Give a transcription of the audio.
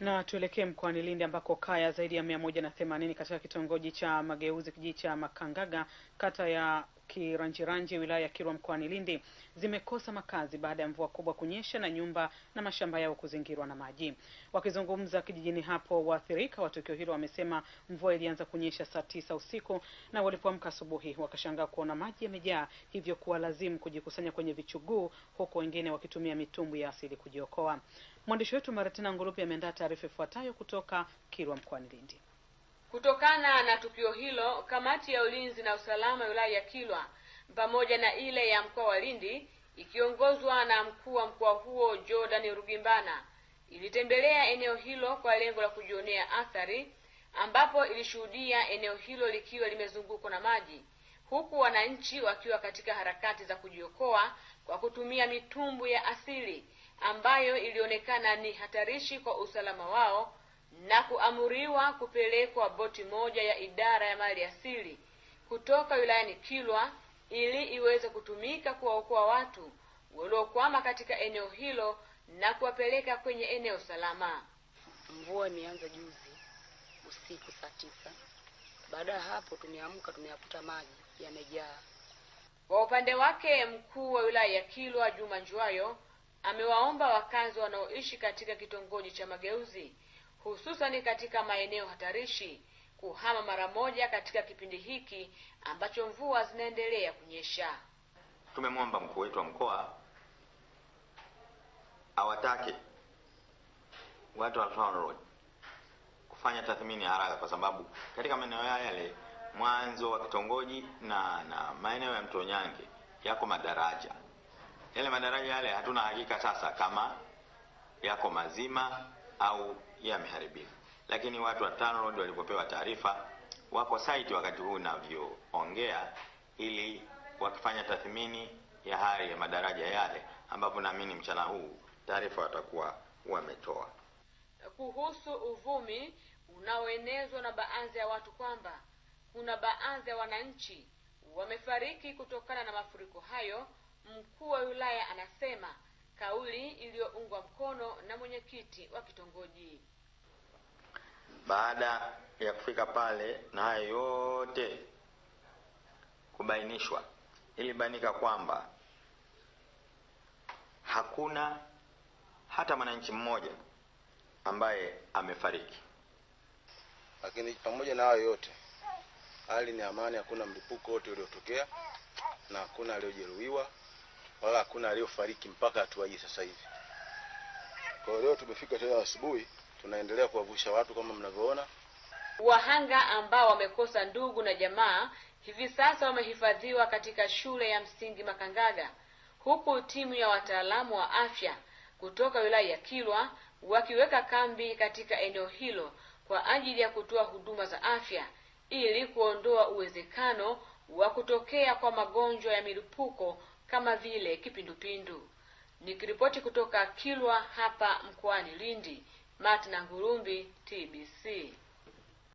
Na tuelekee mkoani Lindi ambako kaya zaidi ya mia moja na themanini katika kitongoji cha Mageuzi kijiji cha Makangaga kata ya Kiranjeranje wilaya ya kirwa mkoani Lindi zimekosa makazi baada ya mvua kubwa kunyesha na nyumba na mashamba yao kuzingirwa na maji. Wakizungumza kijijini hapo, waathirika wa tukio hilo wamesema mvua ilianza kunyesha saa tisa usiku na walipoamka asubuhi wakashangaa kuona maji yamejaa, hivyo kuwa lazimu kujikusanya kwenye vichuguu, huku wengine wakitumia mitumbwi ya asili kujiokoa. Mwandishi wetu Maratina Ngurupi ameandaa taarifa ifuatayo kutoka kirwa mkoani Lindi. Kutokana na tukio hilo, kamati ya ulinzi na usalama wilaya ya Kilwa pamoja na ile ya mkoa wa Lindi ikiongozwa na mkuu wa mkoa huo Jordan Rugimbana ilitembelea eneo hilo kwa lengo la kujionea athari, ambapo ilishuhudia eneo hilo likiwa limezungukwa na maji, huku wananchi wakiwa katika harakati za kujiokoa kwa kutumia mitumbwi ya asili ambayo ilionekana ni hatarishi kwa usalama wao na kuamuriwa kupelekwa boti moja ya idara ya mali asili kutoka wilayani Kilwa ili iweze kutumika kuwaokoa watu waliokwama katika eneo hilo na kuwapeleka kwenye eneo salama. Mvua imeanza juzi usiku saa tisa. Baada ya hapo, tumeamka tumeyakuta maji yamejaa. Kwa upande wake, mkuu wa wilaya ya Kilwa Juma Njwayo amewaomba wakazi wanaoishi katika kitongoji cha Mageuzi hususani katika maeneo hatarishi kuhama mara moja katika kipindi hiki ambacho mvua zinaendelea kunyesha. Tumemwomba mkuu wetu wa mkoa awatake watu wa kufanya tathmini haraka, kwa sababu katika maeneo haya yale mwanzo wa kitongoji na na maeneo ya Mtonyange yako madaraja yale, madaraja yale hatuna hakika sasa kama yako mazima au yameharibika. Lakini watu wa TANROADS walipopewa taarifa, wako site wakati huu navyoongea, ili wakifanya tathmini ya hali ya madaraja yale, ambapo naamini mchana huu taarifa watakuwa wametoa kuhusu uvumi unaoenezwa na baadhi ya watu kwamba kuna baadhi ya wananchi wamefariki kutokana na mafuriko hayo. Mkuu wa wilaya anasema kauli iliyoungwa mkono na mwenyekiti wa kitongoji. Baada ya kufika pale na hayo yote kubainishwa, ilibainika kwamba hakuna hata mwananchi mmoja ambaye amefariki. Lakini pamoja na hayo yote, hali ni amani, hakuna mlipuko wote uliotokea na hakuna aliyojeruhiwa wala hakuna aliyofariki mpaka hatua hii sasa hivi. Kwa leo tumefika tena asubuhi, tunaendelea kuwavusha watu kama mnavyoona. Wahanga ambao wamekosa ndugu na jamaa hivi sasa wamehifadhiwa katika shule ya msingi Makangaga, huku timu ya wataalamu wa afya kutoka wilaya ya Kilwa wakiweka kambi katika eneo hilo kwa ajili ya kutoa huduma za afya ili kuondoa uwezekano wa kutokea kwa magonjwa ya milipuko kama vile kipindupindu. Nikiripoti kutoka Kilwa hapa mkoani Lindi, Martina Ngurumbi, TBC.